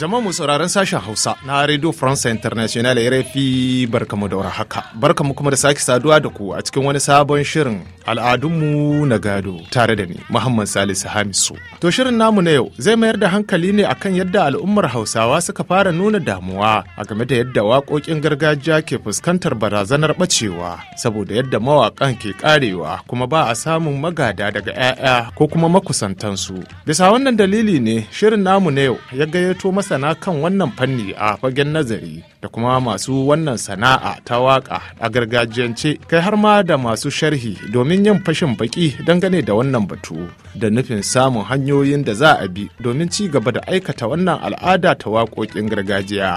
Jama'a mu sauraron sashen Hausa na Radio France International RFI barkamu da haka. Barkamu kuma da sake saduwa da ku a cikin wani sabon shirin al'adunmu na gado tare da ni Muhammad Salisu Hamisu. To shirin namu na yau zai mayar da hankali ne akan yadda al'ummar Hausawa suka fara nuna damuwa a game da yadda waƙoƙin gargajiya ke fuskantar barazanar bacewa saboda yadda mawaƙan ke karewa kuma ba a samun magada daga 'ya'ya ko kuma makusantansu. Bisa wannan dalili ne shirin namu na yau ya gayyato masana kan wannan fanni a fagen nazari da kuma masu wannan sana'a ta waka a gargajiyance kai har ma da masu sharhi domin yin fashin baki dangane da wannan batu da nufin samun hanyoyin da za a bi domin ci gaba da aikata wannan al'ada ta waƙoƙin gargajiya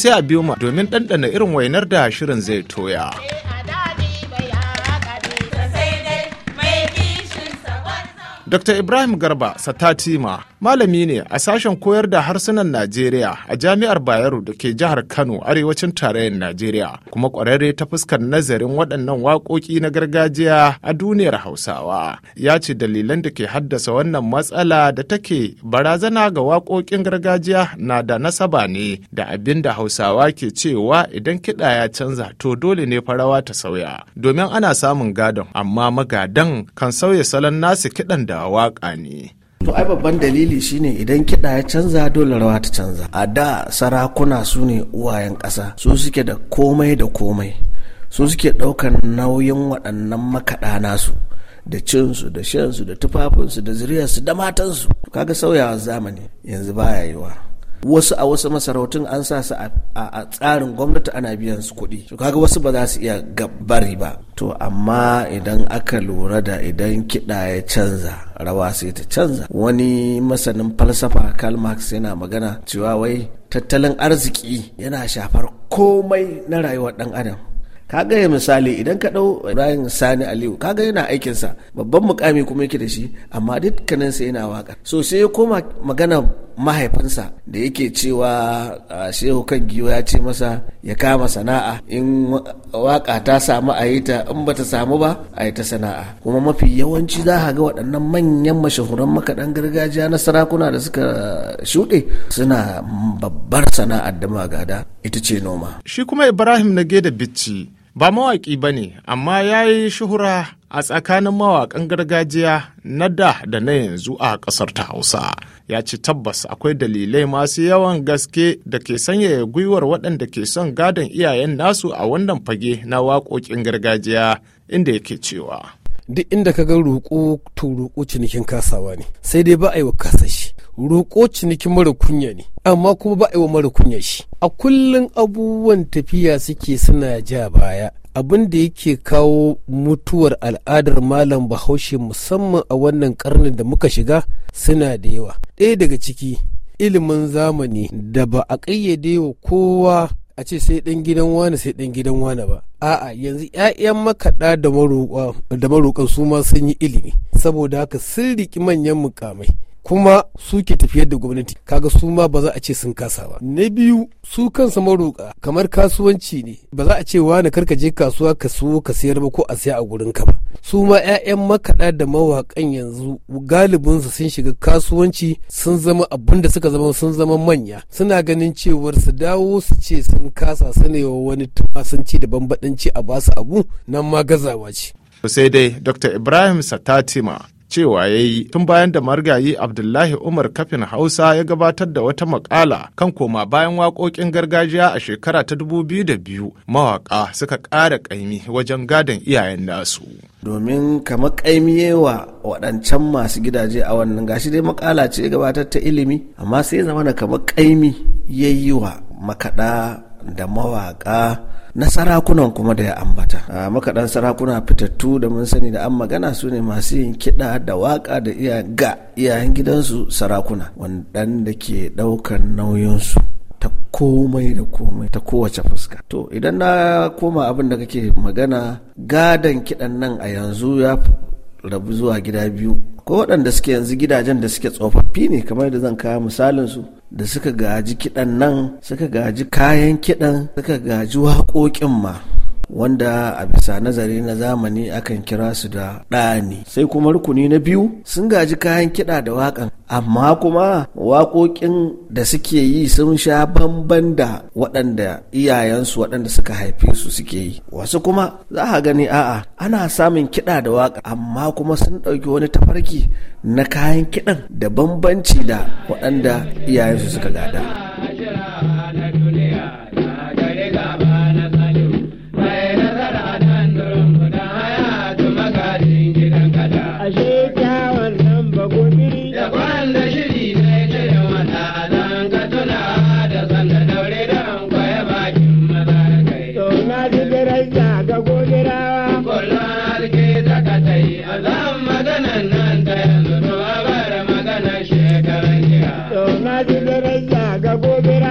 sai a biyo ma domin ɗanɗana irin wainar da shirin zai toya. Dr. Ibrahim Garba Satatima malami ne a sashen koyar da harsunan najeriya a jami'ar bayero da ke jihar kano arewacin tarayyar najeriya kuma ƙwararre ta fuskar nazarin waɗannan waƙoƙi na gargajiya a duniyar hausawa ya ce dalilan da ke haddasa wannan matsala da take barazana ga waƙoƙin gargajiya na da nasaba ne da abin da hausawa ke cewa idan kiɗa ya canza to dole ne farawa ta sauya domin ana samun gadon amma magadan kan sauya salon nasu kiɗan da waƙa ne To ai babban dalili shine idan kiɗa ya canza dole rawa ta canza. A da sarakuna su ne uwayen ƙasa su suke da komai da komai su suke ɗaukar nauyin waɗannan makaɗa nasu da cinsu da shansu da tufafinsu da zuriyarsu da matansu kaga sauyawar zamani yanzu baya yiwa. wasu a wasu masarautun an sa su a tsarin gwamnati ana biyan su kuɗi to kaga wasu ba za su iya gabari ba to amma idan aka lura da idan kiɗa ya canza rawa sai ta canza wani masanin falsafa Karl Marx yana magana cewa wai tattalin arziki yana shafar komai na rayuwar ɗan adam kaga ya misali idan ka ɗau Ibrahim Sani Aliyu kaga yana aikinsa babban mukami kuma yake da shi amma dukkaninsa yana waka so sai ya koma magana mahaifinsa da yake cewa shehu kan giyo ya ce masa ya kama sana'a in waka ta samu a yi ta in bata samu ba a ta sana'a kuma mafi yawanci za a ga waɗannan manyan mashahuran makaɗan gargajiya na sarakuna da suka shuɗe suna babbar sana'ar da magada ita ce noma shi kuma ibrahim na da bicci ba mawaƙi ba ne amma ya yi shuhura a tsakanin mawaƙan gargajiya na da da na yanzu a ƙasar ta hausa ya ci tabbas akwai dalilai masu yawan gaske da ke sanyaya gwiwar waɗanda ke son gadon iyayen nasu a wannan fage na waƙoƙin gargajiya inda yake cewa duk inda ka ga roƙo to roƙo cinikin kasawa ne sai dai ba a yi wa kasashi roƙo ciniki mara kunya ne amma kuma ba a yi wa mara kunya shi a kullum abubuwan tafiya suke suna ja baya abin da yake kawo mutuwar al'adar malam bahaushe musamman a wannan karnin da muka shiga suna da yawa ɗaya daga ciki ilimin zamani da ba a ƙayyade wa kowa a ce sai ɗan gidan wane sai ɗan gidan wane ba a'a yanzu 'ya'yan makaɗa da maroƙan su ma sun yi ilimi saboda haka sun riƙi manyan mukamai kuma suke tafiyar da gwamnati kaga su ma ba za a ce sun kasa ba na biyu su kansa maroka kamar kasuwanci ne ba za a ce wani karka je kasuwa ka siyo ka sayar ba ko a saya a gurin ka ba su ma 'ya'yan makaɗa da mawaƙan yanzu galibinsu sun shiga kasuwanci sun zama abin da suka zama sun zama manya suna ganin cewar su dawo su ce sun kasa wa wani tafasanci da bambaɗanci a basu abu nan ma gazawa ce. sai dai dr ibrahim satatima cewa ya yi tun bayan da margayi Abdullahi Umar kafin Hausa ya gabatar da wata makala kan koma bayan waƙoƙin gargajiya a shekara ta dubu biyu da biyu, mawaƙa suka ƙara ƙaimi wajen gadon iyayen nasu. Domin kamar yawa waɗancan masu gidaje a wannan gashi dai makala ce gabatar ta ilimi amma sai zama kamar ƙaimi ya yi wa makaɗa da mawaƙa na sarakunan kuma da ya ambata ah, a makaɗan sarakuna fitattu da mun sani da an magana su ne masu yin kiɗa da waƙa da iya ga iyayen gidansu sarakuna wanda ke ɗaukar nauyinsu ta komai da komai ta kowace fuska to idan na koma abin da kake magana gadon kiɗan nan a yanzu ya rabu zuwa gida biyu ko waɗanda suke yanzu gidajen da suke tsofaffi ne kamar da zan kawo misalinsu. da suka gaji kiɗan nan suka gaji kayan kiɗan suka gaji waƙoƙin ma wanda a bisa nazari na zamani akan kira su da ɗani sai kuma rukuni na biyu sun gaji kayan kiɗa da waƙan amma kuma waƙoƙin da suke yi sun sha bamban da waɗanda iyayensu waɗanda suka haife su suke yi wasu kuma za a gani a'a ana samun kiɗa da waƙa amma kuma sun ɗauki wani tafarki na kayan kiɗan da bambanci da waɗanda iyayensu suka gada. I volverá.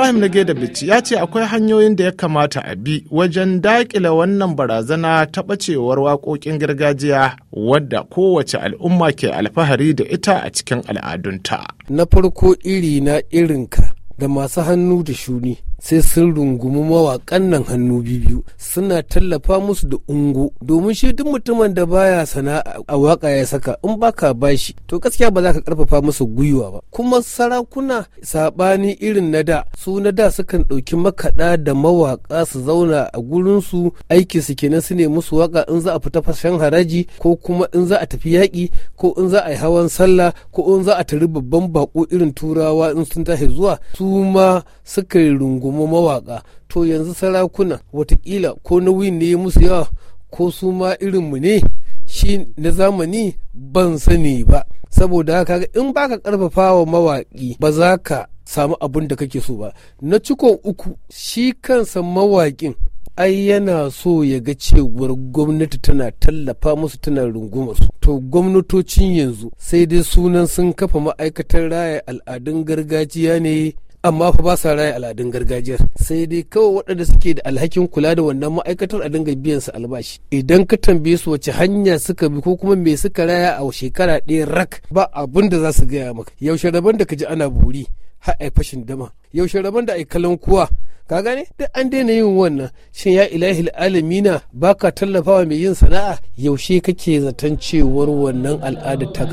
Ibrahim na da Bici ya ce akwai hanyoyin da ya kamata a bi wajen daƙile wannan barazana ta ɓacewar waƙoƙin gargajiya wadda kowace al'umma ke alfahari da ita a cikin al'adunta. Na farko iri na irinka da masu hannu da shuni sai sun rungumi mawaƙan nan hannu biyu suna tallafa musu da ungo domin shi duk mutumin da baya sana'a a waƙa ya saka in baka bashi to gaskiya ba za ka karfafa masa gwiwa ba kuma sarakuna sabani irin na da su na da sukan ɗauki makaɗa da mawaƙa su zauna a gurin su aiki su kenan su ne musu waka in za a fita fashen haraji ko kuma in za a tafi yaki. ko in za a yi hawan sallah ko in za a tari babban baƙo irin turawa in sun tashi zuwa su ma suka rungumi kuma mawaka to yanzu sarakuna watakila ko nauyin ne musu yawa ko su ma mu ne shi na zamani ban sani ba saboda haka in baka karfafa wa mawaki ba za ka samu abin da kake so ba na cikon uku shi kansa mawakin ai yana so ya ga cewar gwamnati tana tallafa musu tana runguma su to gwamnatocin yanzu sai dai sunan sun kafa ma'aikatar raya al'adun gargajiya ne amma fa ba sa raya al'adun gargajiyar sai dai kawai waɗanda suke da alhakin kula da wannan ma'aikatar a dinga biyan su albashi idan ka tambaye su wace hanya suka bi ko kuma me suka raya a shekara ɗaya rak ba abin da za su gaya maka yaushe rabon da ka ji ana buri har a fashin dama yaushe rabon da a kalan kuwa ka gane duk an daina yin wannan shin ya ilahi alamina baka tallafawa mai yin sana'a yaushe kake zaton cewar wannan al'adar ta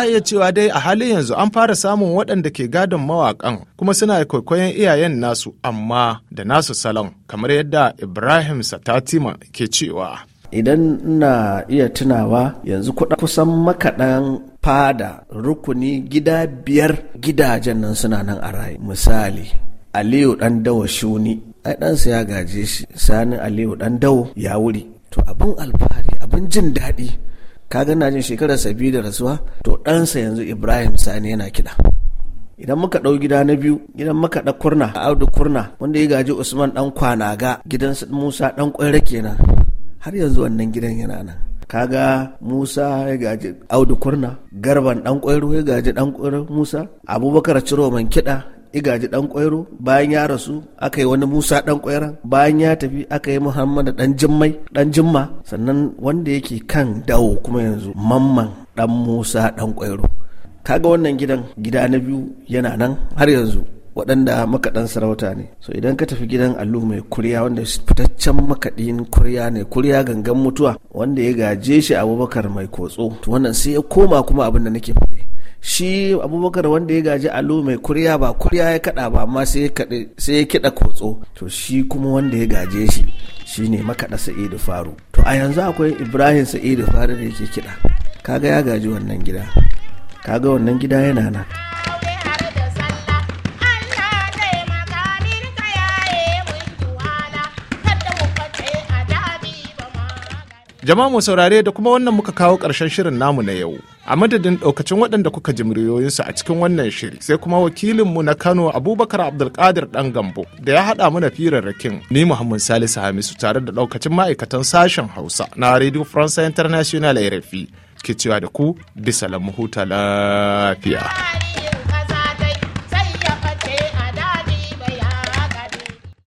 za iya cewa dai a halin yanzu an fara samun waɗanda ke gadon mawaƙan kuma suna kwaikwayon iyayen nasu amma da nasu salon kamar yadda ibrahim satatima ke cewa idan na iya tunawa yanzu kuɗa. kusan makaɗan fada rukuni gida biyar gidajen nan suna nan a raye misali aliyu ɗan dawa shuni ai ɗansa ya gaje shi sani aliyu ɗan dawo ya wuri to abin alfahari abin jin daɗi kaga na jin shekarar sabi da rasuwa to ɗansa yanzu ibrahim sani yana kiɗa idan muka ɗau gida na biyu gidan muka ɗa kurna a audu kurna wanda ya gaji usman ɗan ga gidan musa ɗan ƙwaira kenan har yanzu wannan gidan yana nan kaga musa ya gaji audu kurna garban ɗan ƙwairo ya gaji ɗan ƙwairo musa abubakar ciroman kiɗa igaji dan kwairo bayan ya rasu aka yi wani musa dan kwairan bayan ya tafi aka yi muhammad dan jimmai dan jimma sannan wanda yake kan dawo kuma yanzu mamman dan musa dan kwairo kaga wannan gidan gida na biyu yana nan har yanzu waɗanda makaɗan sarauta ne so idan ka tafi gidan allu mai kurya wanda fitaccen makaɗin kurya ne kurya gangan mutuwa wanda ya gaje shi abubakar mai kotso to wannan sai ya koma kuma abin da nake faɗi shi abubakar wanda ya gaji alu mai kurya ba kurya ya kada ba amma sai ya kida kotso to shi kuma wanda ya gaje shi shi ne makaɗa sa'idu faru to a yanzu akwai ibrahim sa'idu faru da yake kiɗa kaga ya gaji wannan gida kaga wannan gida yana nan Jama'a mu saurare da kuma wannan muka kawo ƙarshen shirin namu na yau. A madadin ɗaukacin waɗanda kuka ji muryoyinsu a cikin wannan shiri sai kuma wakilinmu na Kano Abubakar Abdulkadir ɗan Gambo da ya haɗa mana firarrakin ni Muhammad Salisu Hamisu tare da ɗaukacin ma'aikatan sashen Hausa na Radio France International RFI ke cewa da ku bisa lamu huta lafiya.